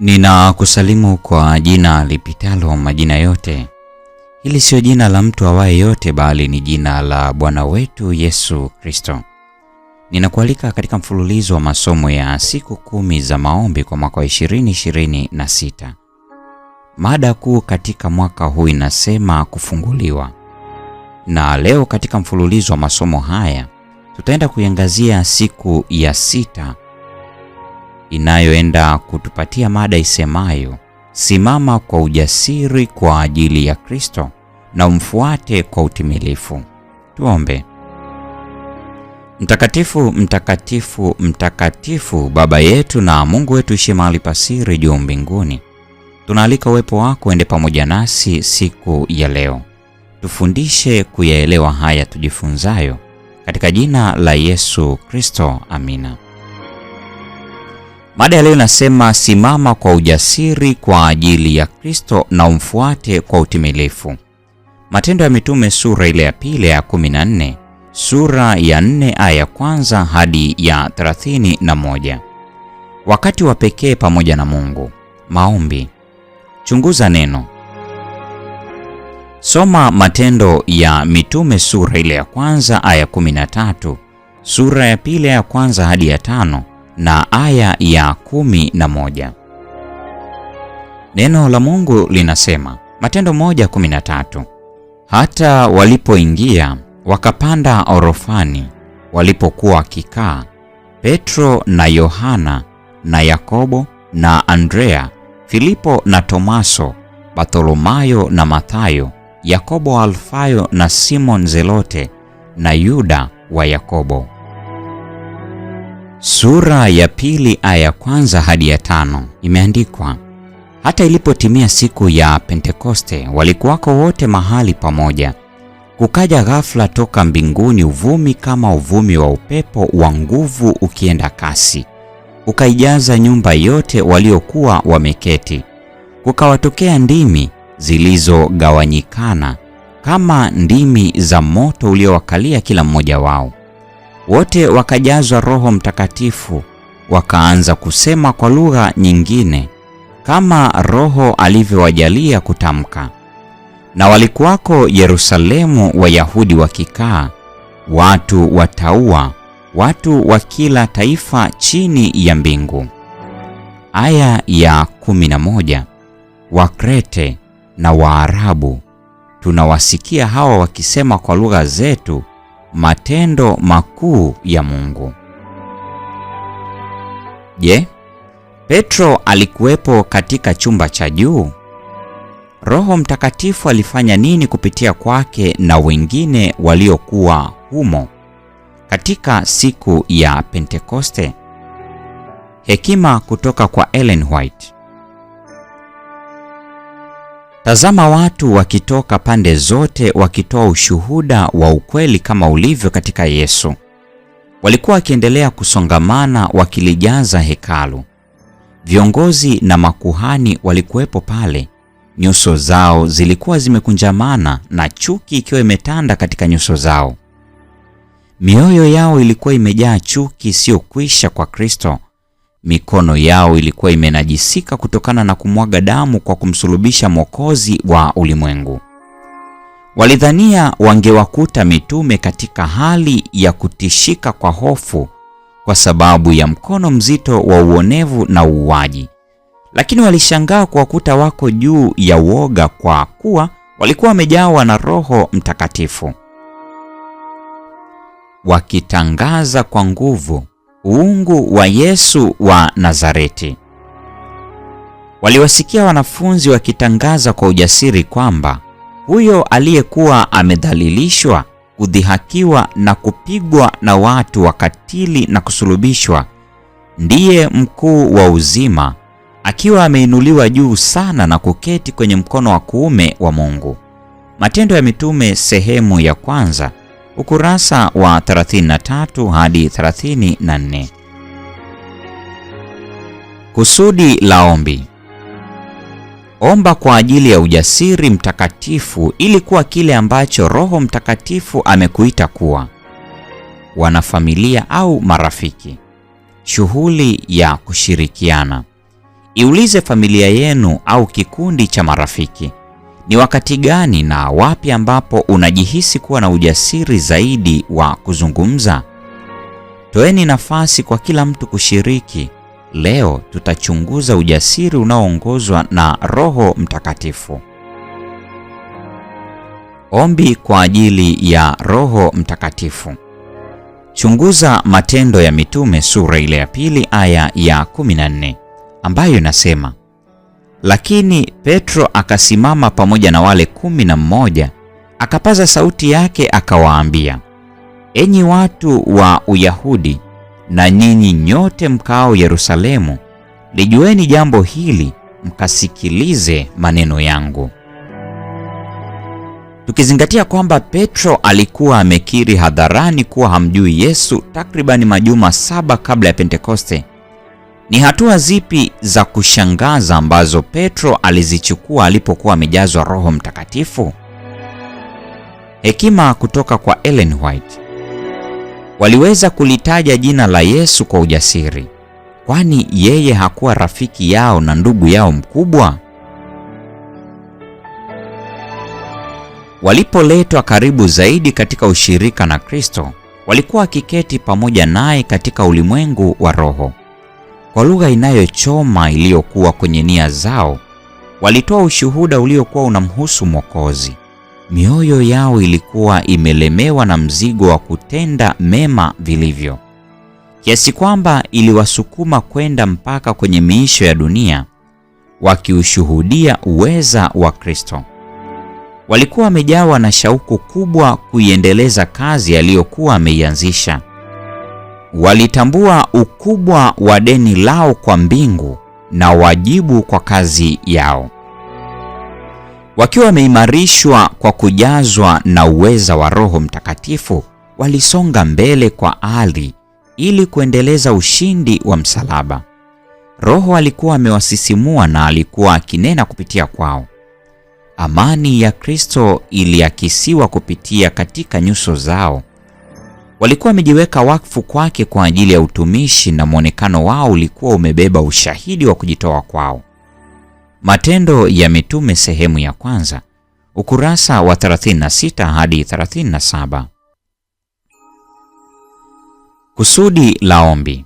Ninakusalimu kwa jina lipitalo majina yote. Hili siyo jina la mtu awaye yote, bali ni jina la Bwana wetu Yesu Kristo. Ninakualika katika mfululizo wa masomo ya siku kumi za maombi kwa mwaka wa 2026. Mada kuu katika mwaka huu inasema kufunguliwa, na leo katika mfululizo wa masomo haya tutaenda kuiangazia siku ya sita inayoenda kutupatia mada isemayo simama kwa ujasiri kwa ajili ya Kristo na umfuate kwa utimilifu. Tuombe. Mtakatifu, mtakatifu, mtakatifu, Baba yetu na Mungu wetu ishi mahali juu mbinguni, tunaalika uwepo wako ende pamoja nasi siku ya leo. Tufundishe kuyaelewa haya tujifunzayo, katika jina la Yesu Kristo, amina. Mada ya leo inasema simama kwa ujasiri kwa ajili ya Kristo na umfuate kwa utimilifu. Matendo ya Mitume sura ile ya pili ya 14, sura ya 4 aya ya kwanza hadi ya 31. Wakati wa pekee pamoja na Mungu. Maombi. Chunguza neno. Soma Matendo ya Mitume sura ile ya kwanza aya 13, sura ya pili ya kwanza hadi ya tano na aya ya kumi na moja. Neno la Mungu linasema Matendo moja kumi na tatu, hata walipoingia wakapanda orofani, walipokuwa wakikaa, Petro na Yohana na Yakobo na Andrea, Filipo na Tomaso, Bartholomayo na Mathayo, Yakobo wa Alfayo na Simon Zelote na Yuda wa Yakobo sura ya pili aya ya kwanza hadi ya tano imeandikwa, hata ilipotimia siku ya Pentekoste walikuwako wote mahali pamoja, kukaja ghafla toka mbinguni uvumi kama uvumi wa upepo wa nguvu ukienda kasi, ukaijaza nyumba yote waliokuwa wameketi. Kukawatokea ndimi zilizogawanyikana kama ndimi za moto uliowakalia kila mmoja wao wote wakajazwa Roho Mtakatifu, wakaanza kusema kwa lugha nyingine kama Roho alivyowajalia kutamka. Na walikuwako Yerusalemu Wayahudi wakikaa, watu wa taua, watu wa kila taifa chini ya mbingu. Aya ya 11. Wakrete na Waarabu tunawasikia hawa wakisema kwa lugha zetu matendo makuu ya Mungu. Je, Petro alikuwepo katika chumba cha juu? Roho Mtakatifu alifanya nini kupitia kwake na wengine waliokuwa humo katika siku ya Pentekoste? Hekima kutoka kwa Ellen White. Tazama watu wakitoka pande zote wakitoa ushuhuda wa ukweli kama ulivyo katika Yesu. Walikuwa wakiendelea kusongamana wakilijaza hekalu. Viongozi na makuhani walikuwepo pale. Nyuso zao zilikuwa zimekunjamana na chuki ikiwa imetanda katika nyuso zao. Mioyo yao ilikuwa imejaa chuki isiyokwisha kwa Kristo mikono yao ilikuwa imenajisika kutokana na kumwaga damu kwa kumsulubisha Mwokozi wa ulimwengu. Walidhania wangewakuta mitume katika hali ya kutishika kwa hofu kwa sababu ya mkono mzito wa uonevu na uuaji, lakini walishangaa kuwakuta wako juu ya uoga kwa kuwa walikuwa wamejawa na Roho Mtakatifu wakitangaza kwa nguvu uungu wa Yesu wa Nazareti. Waliwasikia wanafunzi wakitangaza kwa ujasiri kwamba huyo aliyekuwa amedhalilishwa, kudhihakiwa na kupigwa na watu wakatili na kusulubishwa ndiye mkuu wa uzima, akiwa ameinuliwa juu sana na kuketi kwenye mkono wa kuume wa Mungu. Matendo ya Mitume sehemu ya kwanza ukurasa wa 33 hadi 34. Kusudi la ombi. Omba kwa ajili ya ujasiri mtakatifu ili kuwa kile ambacho Roho Mtakatifu amekuita kuwa. Wanafamilia au marafiki. Shughuli ya kushirikiana. Iulize familia yenu au kikundi cha marafiki ni wakati gani na wapi ambapo unajihisi kuwa na ujasiri zaidi wa kuzungumza? Toeni nafasi kwa kila mtu kushiriki. Leo tutachunguza ujasiri unaoongozwa na Roho Mtakatifu. Ombi kwa ajili ya Roho Mtakatifu. Chunguza Matendo ya Mitume sura ile ya pili aya ya 14 ambayo inasema lakini Petro akasimama pamoja na wale kumi na mmoja akapaza sauti yake akawaambia, enyi watu wa Uyahudi na nyinyi nyote mkao Yerusalemu, lijueni jambo hili, mkasikilize maneno yangu. Tukizingatia kwamba Petro alikuwa amekiri hadharani kuwa hamjui Yesu takribani majuma saba kabla ya Pentekoste. Ni hatua zipi za kushangaza ambazo Petro alizichukua alipokuwa amejazwa Roho Mtakatifu? Hekima kutoka kwa Ellen White. Waliweza kulitaja jina la Yesu kwa ujasiri, kwani yeye hakuwa rafiki yao na ndugu yao mkubwa? Walipoletwa karibu zaidi katika ushirika na Kristo, walikuwa wakiketi pamoja naye katika ulimwengu wa roho. Kwa lugha inayochoma iliyokuwa kwenye nia zao, walitoa ushuhuda uliokuwa unamhusu Mwokozi. Mioyo yao ilikuwa imelemewa na mzigo wa kutenda mema vilivyo, kiasi kwamba iliwasukuma kwenda mpaka kwenye miisho ya dunia wakiushuhudia uweza wa Kristo. Walikuwa wamejawa na shauku kubwa kuiendeleza kazi aliyokuwa ameianzisha. Walitambua ukubwa wa deni lao kwa mbingu na wajibu kwa kazi yao. Wakiwa wameimarishwa kwa kujazwa na uweza wa Roho Mtakatifu, walisonga mbele kwa ari ili kuendeleza ushindi wa msalaba. Roho alikuwa amewasisimua na alikuwa akinena kupitia kwao. Amani ya Kristo iliakisiwa kupitia katika nyuso zao walikuwa wamejiweka wakfu kwake kwa ajili ya utumishi na mwonekano wao ulikuwa umebeba ushahidi wa kujitoa kwao. Matendo ya Mitume sehemu ya kwanza ukurasa wa 36 hadi 37. Kusudi la ombi.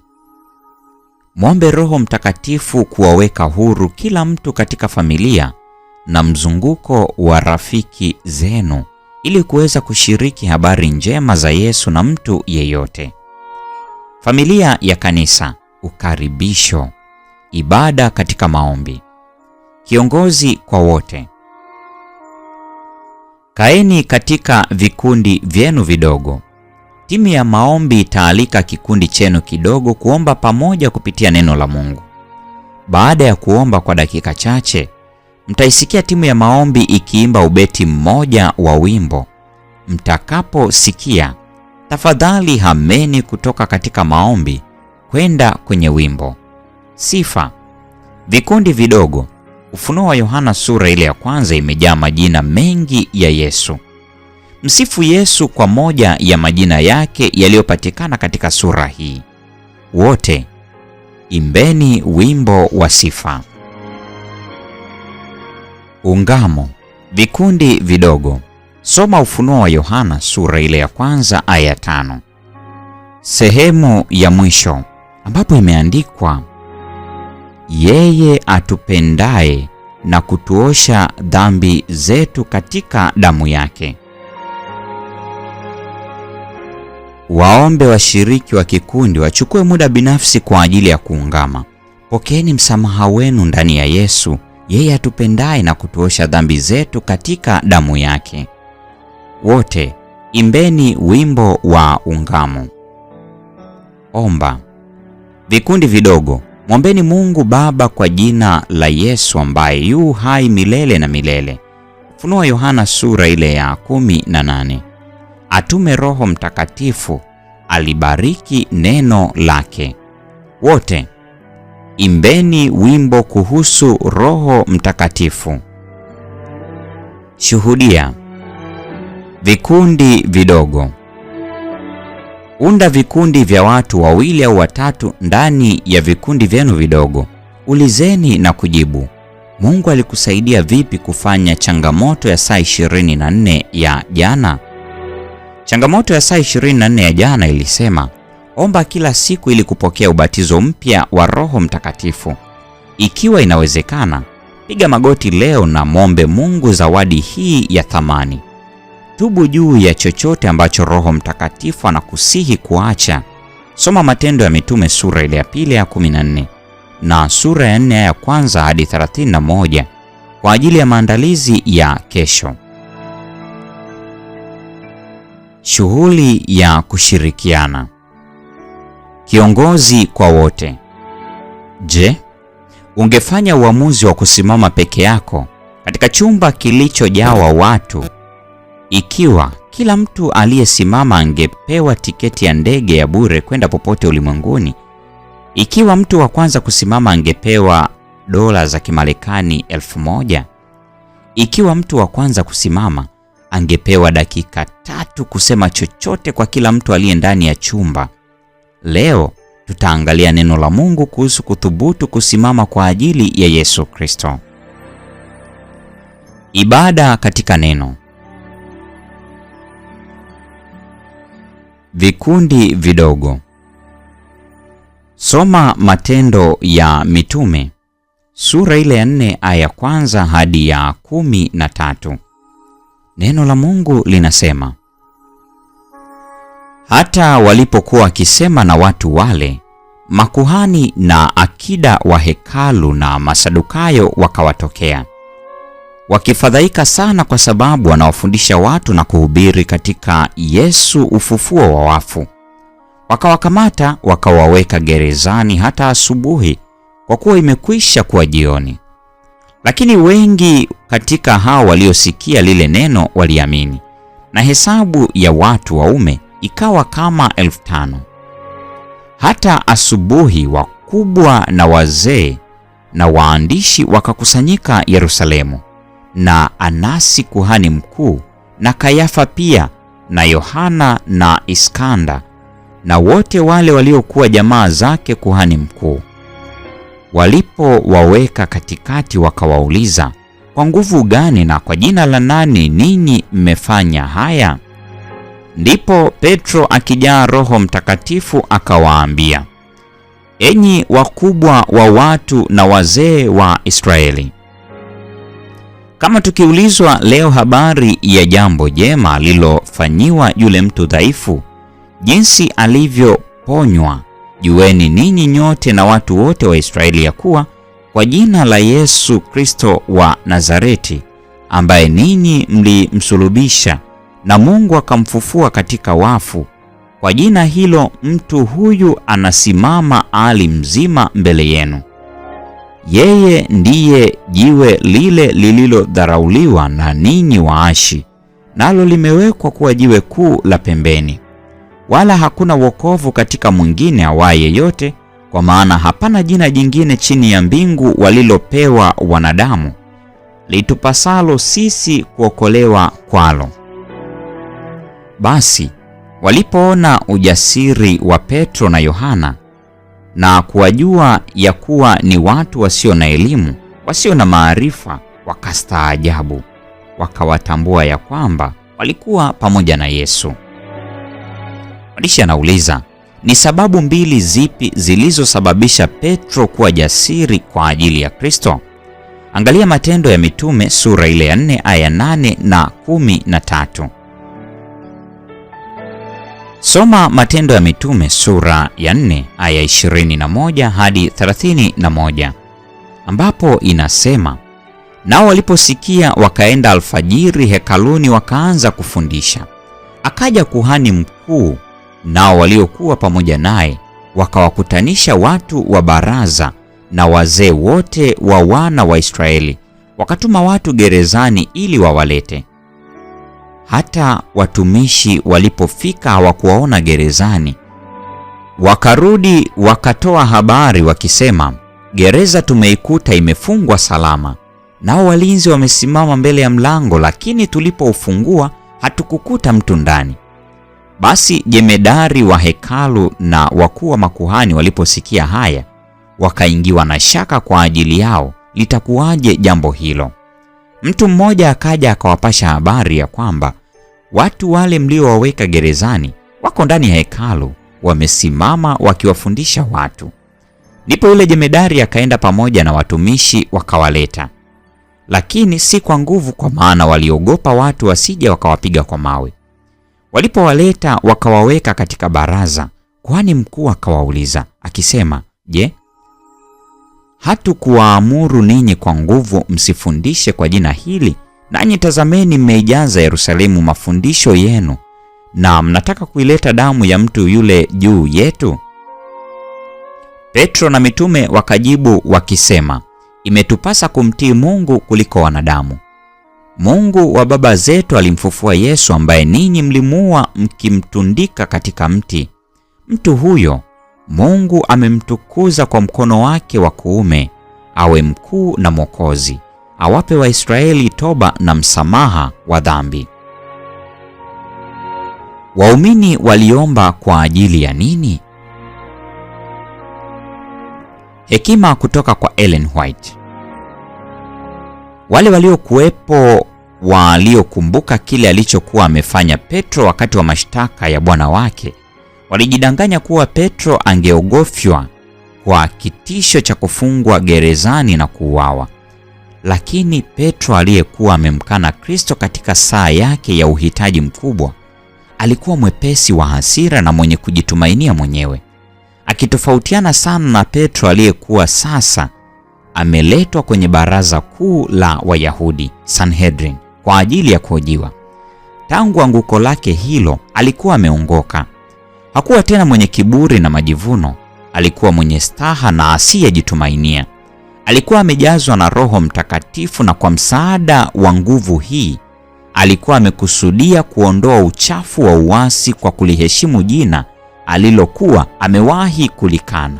Mwombe Roho Mtakatifu kuwaweka huru kila mtu katika familia na mzunguko wa rafiki zenu ili kuweza kushiriki habari njema za Yesu na mtu yeyote. Familia ya kanisa, ukaribisho, ibada katika maombi, kiongozi kwa wote. Kaeni katika vikundi vyenu vidogo. Timu ya maombi itaalika kikundi chenu kidogo kuomba pamoja kupitia neno la Mungu. Baada ya kuomba kwa dakika chache mtaisikia timu ya maombi ikiimba ubeti mmoja wa wimbo. Mtakaposikia, tafadhali hameni kutoka katika maombi kwenda kwenye wimbo. Sifa. Vikundi vidogo. Ufunuo wa Yohana sura ile ya kwanza imejaa majina mengi ya Yesu. Msifu Yesu kwa moja ya majina yake yaliyopatikana katika sura hii. Wote imbeni wimbo wa sifa. Ungamo, vikundi vidogo. Soma Ufunuo wa Yohana sura ile ya kwanza aya ya tano, sehemu ya mwisho ambapo imeandikwa yeye atupendaye na kutuosha dhambi zetu katika damu yake. Waombe washiriki wa kikundi wachukue muda binafsi kwa ajili ya kuungama. Pokeeni msamaha wenu ndani ya Yesu yeye atupendaye na kutuosha dhambi zetu katika damu yake. Wote imbeni wimbo wa ungamo. Omba. Vikundi vidogo, mwombeni Mungu Baba kwa jina la Yesu ambaye yu hai milele na milele. Funua Yohana sura ile ya kumi na nane. Atume Roho Mtakatifu alibariki neno lake. Wote imbeni wimbo kuhusu Roho Mtakatifu. Shuhudia vikundi vidogo. Unda vikundi vya watu wawili au watatu ndani ya vikundi vyenu vidogo. Ulizeni na kujibu. Mungu alikusaidia vipi kufanya changamoto ya saa 24 ya jana? Changamoto ya saa 24 ya jana ilisema Omba kila siku ili kupokea ubatizo mpya wa Roho Mtakatifu. Ikiwa inawezekana, piga magoti leo na mwombe Mungu zawadi hii ya thamani. Tubu juu ya chochote ambacho Roho Mtakatifu anakusihi kuacha. Soma Matendo ya Mitume sura ile ya pili ya 14 na sura ya 4 ya kwanza hadi 31 kwa ajili ya maandalizi ya kesho. Shughuli ya kushirikiana kiongozi kwa wote. Je, ungefanya uamuzi wa kusimama peke yako katika chumba kilichojawa watu ikiwa kila mtu aliyesimama angepewa tiketi ya ndege ya bure kwenda popote ulimwenguni? Ikiwa mtu wa kwanza kusimama angepewa dola za Kimarekani elfu moja? Ikiwa mtu wa kwanza kusimama angepewa dakika tatu kusema chochote kwa kila mtu aliye ndani ya chumba Leo tutaangalia neno la Mungu kuhusu kuthubutu kusimama kwa ajili ya Yesu Kristo. Ibada katika neno. Vikundi vidogo. Soma Matendo ya Mitume sura ile ya nne aya ya kwanza hadi ya kumi na tatu. Neno la Mungu linasema hata walipokuwa wakisema na watu wale, makuhani na akida wa hekalu na Masadukayo wakawatokea wakifadhaika sana, kwa sababu wanawafundisha watu na kuhubiri katika Yesu ufufuo wa wafu. Wakawakamata wakawaweka gerezani hata asubuhi, kwa kuwa imekwisha kuwa jioni. Lakini wengi katika hao waliosikia lile neno waliamini, na hesabu ya watu waume ikawa kama elfu tano. Hata asubuhi wakubwa na wazee na waandishi wakakusanyika Yerusalemu, na Anasi kuhani mkuu na Kayafa pia na Yohana na Iskanda na wote wale waliokuwa jamaa zake kuhani mkuu. Walipowaweka katikati, wakawauliza, kwa nguvu gani na kwa jina la nani ninyi mmefanya haya? Ndipo Petro akijaa Roho Mtakatifu akawaambia, enyi wakubwa wa watu na wazee wa Israeli. Kama tukiulizwa leo habari ya jambo jema lilofanyiwa yule mtu dhaifu, jinsi alivyoponywa, jueni ninyi nyote na watu wote wa Israeli ya kuwa kwa jina la Yesu Kristo wa Nazareti, ambaye ninyi mlimsulubisha na Mungu akamfufua katika wafu. Kwa jina hilo mtu huyu anasimama ali mzima mbele yenu. Yeye ndiye jiwe lile lililodharauliwa na ninyi waashi, nalo limewekwa kuwa jiwe kuu la pembeni. Wala hakuna wokovu katika mwingine awaye yote, kwa maana hapana jina jingine chini ya mbingu walilopewa wanadamu litupasalo sisi kuokolewa kwalo. Basi walipoona ujasiri wa Petro na Yohana na kuwajua ya kuwa ni watu wasio na elimu, wasio na maarifa, wakastaajabu, wakawatambua ya kwamba walikuwa pamoja na Yesu. Mwandishi anauliza, ni sababu mbili zipi zilizosababisha Petro kuwa jasiri kwa ajili ya Kristo? Angalia Matendo ya Mitume sura ile ya 4 aya 8 na 13. Soma Matendo ya Mitume sura ya 4 aya 21 hadi 31 ambapo inasema, nao waliposikia wakaenda alfajiri hekaluni wakaanza kufundisha. Akaja kuhani mkuu, nao waliokuwa pamoja naye wakawakutanisha watu wa baraza na wazee wote wa wana wa Israeli, wakatuma watu gerezani ili wawalete. Hata watumishi walipofika hawakuwaona gerezani, wakarudi wakatoa habari wakisema, gereza tumeikuta imefungwa salama, nao walinzi wamesimama mbele ya mlango, lakini tulipoufungua hatukukuta mtu ndani. Basi jemedari wa hekalu na wakuu wa makuhani waliposikia haya, wakaingiwa na shaka kwa ajili yao, litakuwaje jambo hilo? Mtu mmoja akaja akawapasha habari ya kwamba watu wale mliowaweka gerezani wako ndani ya hekalu wamesimama wakiwafundisha watu. Ndipo yule jemedari akaenda pamoja na watumishi wakawaleta, lakini si kwa nguvu, kwa maana waliogopa watu wasije wakawapiga kwa mawe. Walipowaleta wakawaweka katika baraza, kwani mkuu akawauliza akisema, Je, hatukuwaamuru ninyi kwa nguvu msifundishe kwa jina hili, nanyi tazameni, mmeijaza Yerusalemu mafundisho yenu, na mnataka kuileta damu ya mtu yule juu yetu? Petro na mitume wakajibu wakisema, imetupasa kumtii Mungu kuliko wanadamu. Mungu wa baba zetu alimfufua Yesu ambaye ninyi mlimuua mkimtundika katika mti. Mtu huyo Mungu amemtukuza kwa mkono wake wa kuume awe mkuu na mwokozi, awape Waisraeli toba na msamaha wa dhambi. Waumini waliomba kwa ajili ya nini? Hekima kutoka kwa Ellen White. Wale waliokuwepo waliokumbuka kile alichokuwa amefanya Petro wakati wa mashtaka ya Bwana wake Walijidanganya kuwa Petro angeogofywa kwa kitisho cha kufungwa gerezani na kuuawa. Lakini Petro aliyekuwa amemkana Kristo katika saa yake ya uhitaji mkubwa, alikuwa mwepesi wa hasira na mwenye kujitumainia mwenyewe, akitofautiana sana na Petro aliyekuwa sasa ameletwa kwenye baraza kuu la Wayahudi, Sanhedrin, kwa ajili ya kuhojiwa. Tangu anguko lake hilo alikuwa ameongoka Hakuwa tena mwenye kiburi na majivuno, alikuwa mwenye staha na asiyejitumainia. Alikuwa amejazwa na Roho Mtakatifu, na kwa msaada wa nguvu hii alikuwa amekusudia kuondoa uchafu wa uasi kwa kuliheshimu jina alilokuwa amewahi kulikana.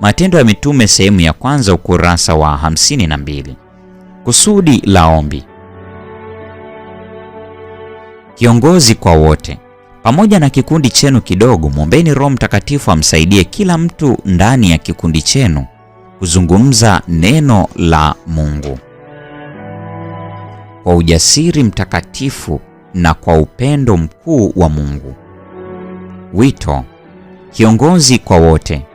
Matendo ya Mitume sehemu ya kwanza ukurasa wa 52. Kusudi la ombi. Kiongozi kwa wote. Pamoja na kikundi chenu kidogo, mwombeni Roho Mtakatifu amsaidie kila mtu ndani ya kikundi chenu kuzungumza neno la Mungu kwa ujasiri mtakatifu na kwa upendo mkuu wa Mungu. Wito kiongozi kwa wote.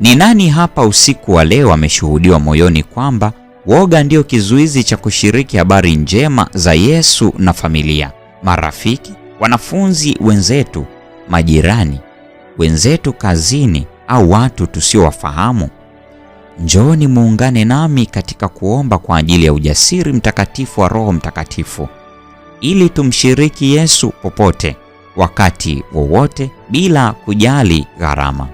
Ni nani hapa usiku wa leo ameshuhudiwa moyoni kwamba woga ndio kizuizi cha kushiriki habari njema za Yesu na familia, marafiki wanafunzi wenzetu, majirani wenzetu kazini, au watu tusiowafahamu, njooni muungane nami katika kuomba kwa ajili ya ujasiri mtakatifu wa Roho Mtakatifu ili tumshiriki Yesu popote, wakati wowote, bila kujali gharama.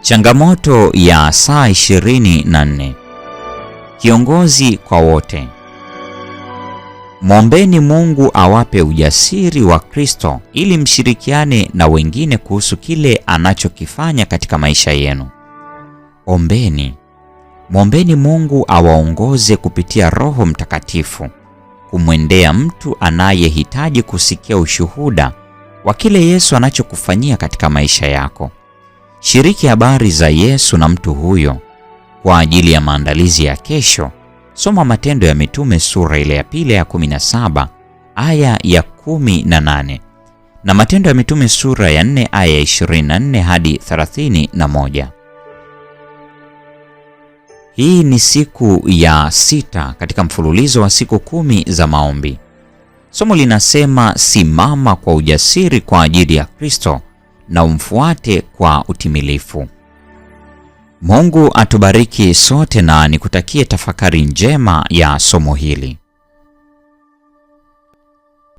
Changamoto ya saa 24: kiongozi kwa wote. Mwombeni Mungu awape ujasiri wa Kristo ili mshirikiane na wengine kuhusu kile anachokifanya katika maisha yenu. Ombeni. Mwombeni Mungu awaongoze kupitia Roho Mtakatifu kumwendea mtu anayehitaji kusikia ushuhuda wa kile Yesu anachokufanyia katika maisha yako. Shiriki habari za Yesu na mtu huyo kwa ajili ya maandalizi ya kesho Soma Matendo ya Mitume sura ile ya pili ya 17 aya ya 18 na Matendo ya Mitume sura ya 4 aya ya 24 hadi 31. Hii ni siku ya sita katika mfululizo wa siku kumi za maombi. Somo linasema simama kwa ujasiri kwa ajili ya Kristo na umfuate kwa utimilifu. Mungu atubariki sote na nikutakie tafakari njema ya somo hili.